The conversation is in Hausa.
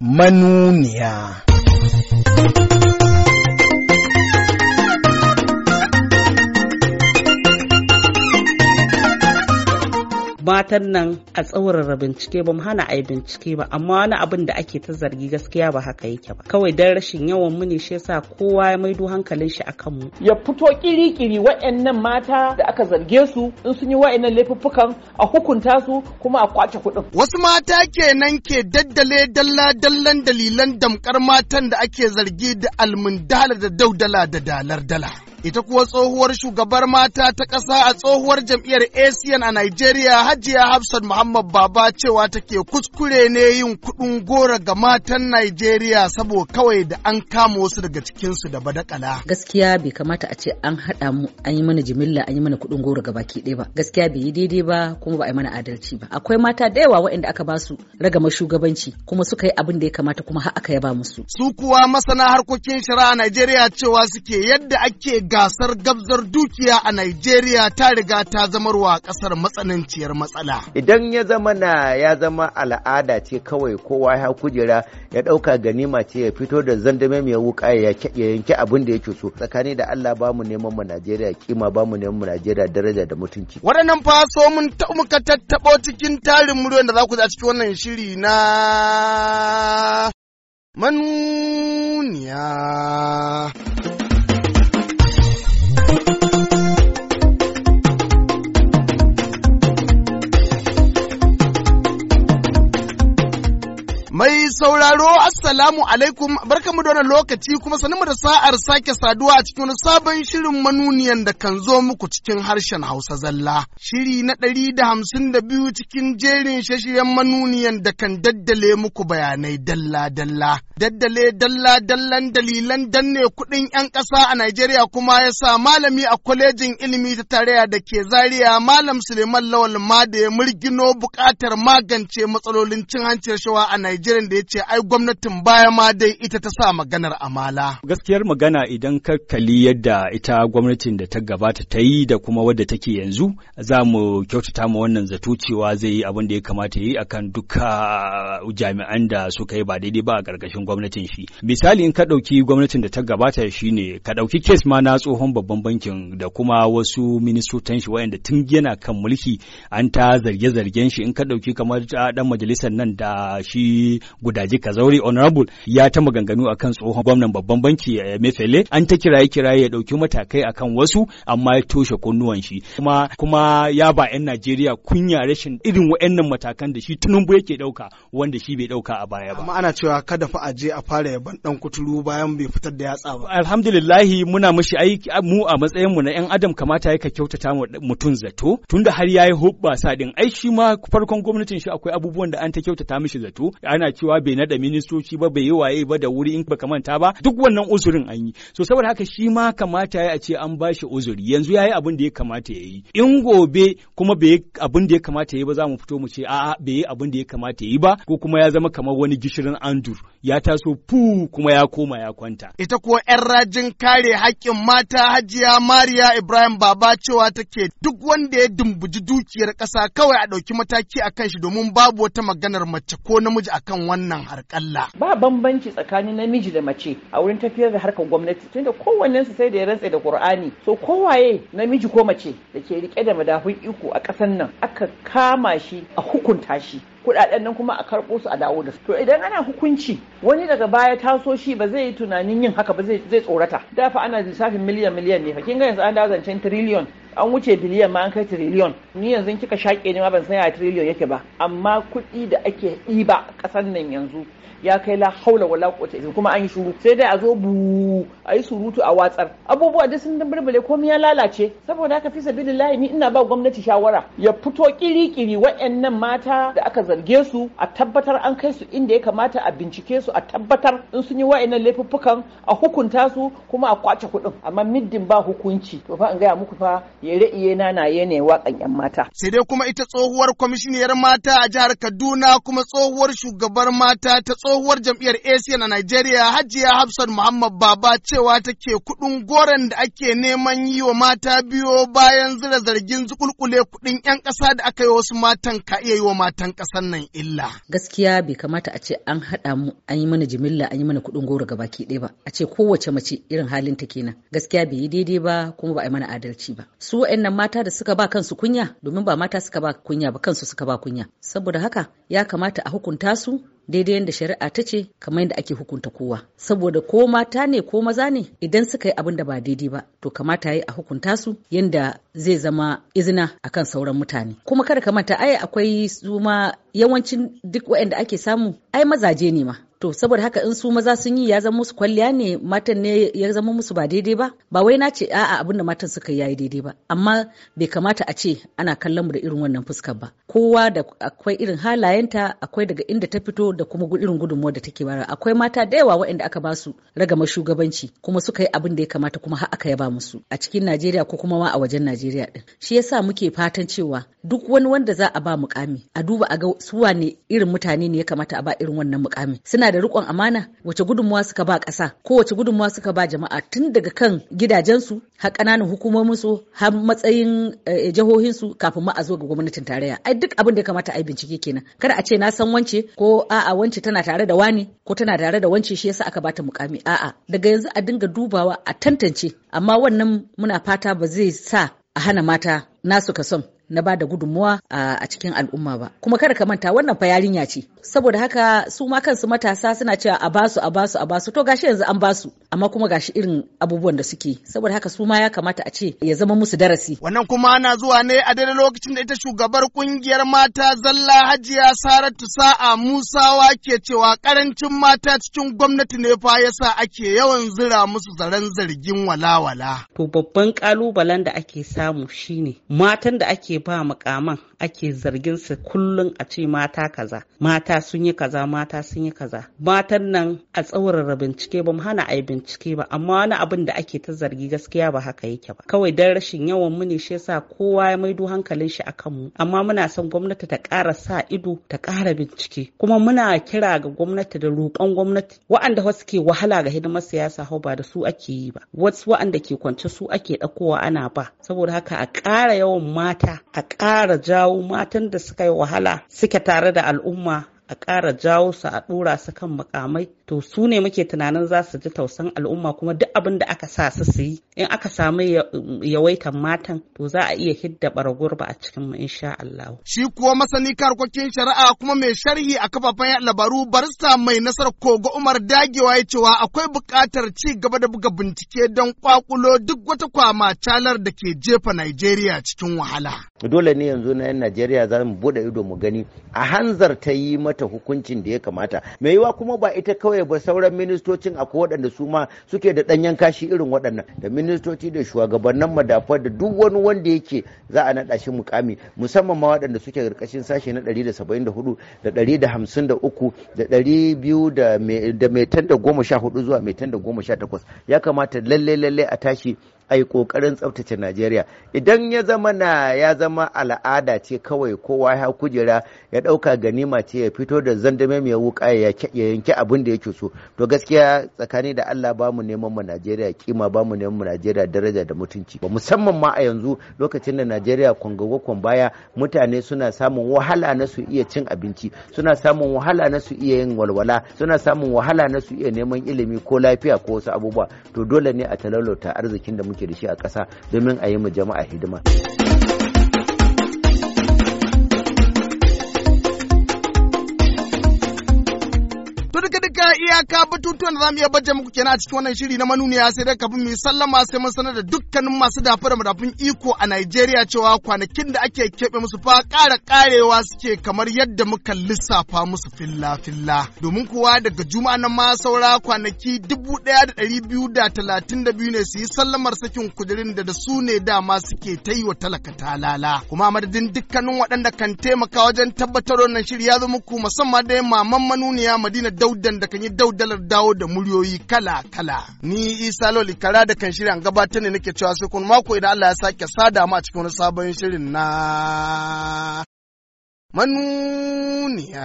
manuniya. matan nan a tsaurara bincike ba mu hana a yi bincike ba amma wani abin da ake ta zargi gaskiya ba haka yake ba kawai dan rashin yawan mu ne shi yasa kowa ya maido hankalin shi akan mu ya fito kiri-kiri waɗannan mata da aka zarge su in sun yi waɗannan laifuffukan a hukunta su kuma a kwace kuɗin wasu mata kenan ke daddale dalla-dallan dalilan damkar matan da ake zargi da almundala da daudala da dalar dala Ita kuwa tsohuwar shugabar mata ta ƙasa a tsohuwar jam'iyyar ACN a Nigeria Hajiya Hafsat Muhammad Baba cewa take kuskure ne yin kuɗin gora ga matan Nigeria sabo kawai da an kama wasu daga cikinsu da badakala. Gaskiya bai kamata a ce an haɗa mu an yi mana jimilla an yi mana kuɗin gora ga baki ɗaya ba. Gaskiya bai yi daidai ba kuma ba a yi mana adalci ba. Akwai mata da yawa waɗanda aka ba su ragama shugabanci kuma suka yi abin da ya kamata kuma har aka yaba musu. Su kuwa masana harkokin shari'a a Najeriya cewa suke yadda ake ga gasar gabzar dukiya a Najeriya ta riga ta zamarwa kasar matsananciyar matsala. Idan ya zama na ya zama al'ada ce kawai kowa ya kujera ya ɗauka ganima ce ya fito da zandame mai wuka ya yanke abin da yake so tsakani da Allah ba mu neman mu Najeriya kima ba mu neman mu Najeriya daraja da mutunci. Waɗannan fa so mun muka tattabo cikin tarin muryar da za ku za cikin wannan shiri na manuniya. sauraro assalamu alaikum barkamu da wannan lokaci kuma sanin da sa'ar sake saduwa a cikin sabon shirin manuniyan da kan zo muku cikin harshen Hausa zalla. Shiri na ɗari da hamsin da biyu cikin jerin shashiyan manuniyan da kan daddale muku bayanai dalla-dalla. Daddale dalla-dallan dalilan danne kuɗin 'yan ƙasa a Najeriya kuma ya sa malami a kwalejin ilimi ta tarayya da ke Zariya, Malam Suleiman Lawal ma da ya murgino buƙatar magance matsalolin cin hanci rashawa a Najeriya da ya ce ai gwamnatin baya ma dai ita ta sa maganar amala. Gaskiyar magana idan ka kali yadda ita gwamnatin da ta gabata ta yi da kuma wadda take yanzu za mu kyautata ma wannan zato cewa zai yi abin da ya kamata yi akan duka jami'an da suka yi ba daidai ba a ƙarƙashin gwamnatin shi. Misali in ka ɗauki gwamnatin da ta gabata shi ne, ka ɗauki kes ma na tsohon babban bankin da kuma wasu ministotan shi waɗanda tun yana kan mulki an ta zarge-zargen shi in ka ɗauki kamar ɗan majalisar nan da shi guda ka Kazauri Honorable ya ta maganganu akan tsohon gwamnan babban banki ya eh, Mefele an ta kiraye kiraye ya dauki matakai akan wasu amma ya toshe kunnuwan shi kuma kuma ya ba 'yan Najeriya kunya rashin irin wa'annan matakan da shi tunumbu yake dauka wanda shi bai dauka a baya ba amma ana cewa kada fa a je a fara yaban dan kuturu bayan bai fitar da yatsa ba alhamdulillah muna mishi aiki mu a matsayin mu na 'yan adam kamata ya ka kyautata mutum zato tunda har yayi hubba sadin ai shi ma farkon gwamnatin shi akwai abubuwan da an ta kyautata mishi zato ana cewa ma bai da ministoci ba bai yi waye ba da wuri in baka manta ba duk wannan uzurin an yi so saboda haka shi ma kamata ya ce an bashi uzuri yanzu yayi abin da ya kamata ya yi in gobe kuma bai abin da ya kamata ya yi ba za mu fito mu ce a'a bai yi abin da ya kamata ya yi ba ko kuma ya zama kamar wani gishirin andur ya taso fu kuma ya koma ya kwanta ita kuwa yan rajin kare haƙƙin mata hajiya mariya ibrahim baba cewa take duk wanda ya dumbuji dukiyar ƙasa kawai a ɗauki mataki a kan shi domin babu wata maganar mace ko namiji akan wannan wannan harƙalla. Ba bambanci tsakanin namiji da mace a wurin tafiyar da harkar gwamnati tunda kowanne su sai da ya rantse da Qur'ani. So kowaye namiji ko mace da ke rike da madafun iko a ƙasar nan aka kama shi a hukunta shi. kuɗaɗen nan kuma a karɓo su a dawo da su to idan ana hukunci wani daga baya taso shi ba zai yi tunanin yin haka ba zai tsorata da fa ana lissafin miliyan miliyan ne fa kin ga yanzu an da zancen triliyon an wuce biliyan ma an kai tiriliyon ni yanzu kika shaƙe ne ma ban san ya tiriliyon yake ba amma kuɗi da ake ɗiba ƙasar nan yanzu ya kai la haula wala quwwata illa kuma an yi shuru sai dai a zo bu a yi surutu a watsar abubuwa duk sun dambarbale komai ya lalace saboda haka fi sabilillahi ni ina ba gwamnati shawara ya fito kiri-kiri waɗannan mata da aka zarge su a tabbatar an kai su inda ya kamata a bincike su a tabbatar in sun yi waɗannan laifuffukan a hukunta su kuma a kwace kuɗin amma middin ba hukunci to fa an gaya muku fa yere iye na na yene waƙan yan mata sai dai kuma ita tsohuwar kwamishiniyar mata a jihar Kaduna kuma tsohuwar shugabar mata ta tsohuwar jam'iyyar ACN na Najeriya Hajiya Hafsat Muhammad Baba cewa take kudin goron da ake neman yi wa mata biyo bayan zira zargin zukulkule kudin 'yan ƙasa da aka yi wasu matan ka iya yi wa matan ƙasar nan illa. Gaskiya bai kamata a ce an haɗa mu an yi mana jimilla an yi mana kudin goro gabaki ɗaya ba a ce kowace mace irin halin ta kenan gaskiya bai yi daidai ba kuma ba a yi mana adalci ba. Su wa'annan mata da suka ba kansu kunya domin ba mata suka ba kunya ba kansu suka ba kunya saboda haka ya kamata a hukunta su daidai yadda shari'a ta ce kamar yadda ake hukunta kowa saboda ko mata ne ko maza ne idan suka yi abin da ba daidai ba to kamata yi a hukunta su yadda zai zama izina akan sauran mutane kuma kada ka manta ai akwai su yawancin duk waɗanda ake samu ai mazaje ne ma to saboda haka in su maza sun yi ya zama musu kwalliya ne matan ne ya zama musu ba daidai ba ba wai na ce a'a abin da matan suka yi daidai ba amma bai kamata a ce ana kallon mu da irin wannan fuskar ba kowa da akwai irin halayenta akwai daga inda ta fito da kuma irin gudunmuwar da take bara akwai mata da yawa waɗanda aka ba su ragama shugabanci kuma suka yi abin da ya kamata kuma har aka yaba musu a cikin Najeriya ko kuma ma a wajen Najeriya din shi yasa muke fatan cewa duk wani wanda za a ba mukami a duba a ga su wane irin mutane ne ya kamata a ba irin wannan mukami suna suna da rikon amana wace gudunmawa suka ba ƙasa ko wace gudunmawa suka ba jama'a tun daga kan gidajensu har ƙananan su har matsayin eh, jihohinsu kafin ma a zo ga gwamnatin tarayya ai duk abin da ya kamata a yi bincike kenan kada a ce na san wance ko a'a wance tana tare da wani ko tana tare da wance shi yasa aka bata mukami a'a daga yanzu a dinga dubawa a tantance amma wannan muna fata ba zai sa a hana mata nasu kason na ba da gudunmuwa a cikin al'umma ba kuma kada ka manta wannan fa yarinya ce saboda haka su ma kansu matasa suna cewa a basu a basu a basu to gashi yanzu an basu amma kuma gashi irin abubuwan da suke saboda haka su ma ya kamata a ce ya zama musu darasi wannan kuma na zuwa ne a daidai lokacin da ita shugabar kungiyar mata zalla hajiya saratu sa'a musawa ke cewa karancin mata cikin gwamnati ne fa yasa ake yawan zira musu zaren zargin walawala to babban kalubalen da ake samu shine matan da ake ba mukaman ake zargin su kullum a ce mata kaza mata sun yi kaza mata sun yi kaza matan nan a tsaurara bincike ba mu hana a yi bincike ba amma wani abin da ake ta zargi gaskiya ba haka yake ba kawai dan rashin yawan mu ne shi yasa kowa ya maido hankalin shi akan mu amma muna son gwamnati ta ƙara sa ido ta ƙara bincike kuma muna kira ga gwamnati da roƙon gwamnati wa'anda wasu ke wahala ga hidimar siyasa hau ba da su ake yi ba wasu wa'anda ke kwance su ake ɗakowa ana ba saboda haka a ƙara yawan mata a ƙara jawo jawo matan da suka yi wahala suke tare da al'umma a ƙara jawo su a ɗora su kan mukamai to su ne muke tunanin za su ji tausan al'umma kuma duk abin da aka sa su su yi in aka samu yawaitan matan to za a iya hidda ba a cikin mu insha Allah shi kuwa masani karkokin shari'a kuma mai sharhi a kafafen labaru barista mai nasarar kogo Umar dagewa ya cewa akwai buƙatar ci gaba da buga bincike don kwakulo duk wata kwama calar da ke jefa Najeriya cikin wahala dole ne yanzu na 'yan Najeriya za mu bude ido mu gani a ta yi mata hukuncin da ya kamata mai yiwa kuma ba ita kawai kawai ba sauran ministocin a waɗanda su ma suke da ɗanyen kashi irin waɗannan da ministoci da shugabannin madafa da duk wani wanda yake za a naɗa shi mukami musamman ma waɗanda suke ƙarƙashin sashe na 174 da 153 da 200 da mai tan da goma zuwa mai tan da goma ya kamata lalle lalle a tashi a yi ƙoƙarin tsaftace Najeriya idan ya zama na ya zama al'ada ce kawai kowa ya kujera ya ɗauka ganima ce ya fito da zandame mai wuƙa ya yanke abin da yake so to gaskiya tsakani da Allah ba mu neman mu Najeriya kima ba mu neman mu Najeriya daraja da mutunci ba musamman ma a yanzu lokacin da Najeriya kwangwakon baya mutane suna samun wahala na su iya cin abinci suna samun wahala na su iya yin walwala suna samun wahala na su iya neman ilimi ko lafiya ko wasu abubuwa to dole ne a talalauta arzikin da muke muke da shi a ƙasa domin a yi mu jama'a hidima. iya iyaka batutuwan da zamu iya baje muku kenan a cikin wannan shiri na manuniya sai dai kafin mu sallama sai mun sanar da dukkanin masu dafa da madafun iko a Najeriya cewa kwanakin da ake kebe musu fa ƙara ƙarewa suke kamar yadda muka lissafa musu filla filla domin kuwa daga juma'a nan ma saura kwanaki dubu ɗaya da ɗari biyu da talatin da biyu ne su yi sallamar sakin kudirin da da su ne dama suke ta yi wa talaka talala kuma madadin dukkanin waɗanda kan taimaka wajen tabbatar wannan shiri ya zo muku musamman dai maman manuniya Madina Daudan da kan yi daudalar dawo da muryoyi kala-kala. Ni Isa Loli kara da kan shirin gabatar ne nake cewa sai kun mako idan Allah ya sake sada a cikin wani sabon shirin na manuniya.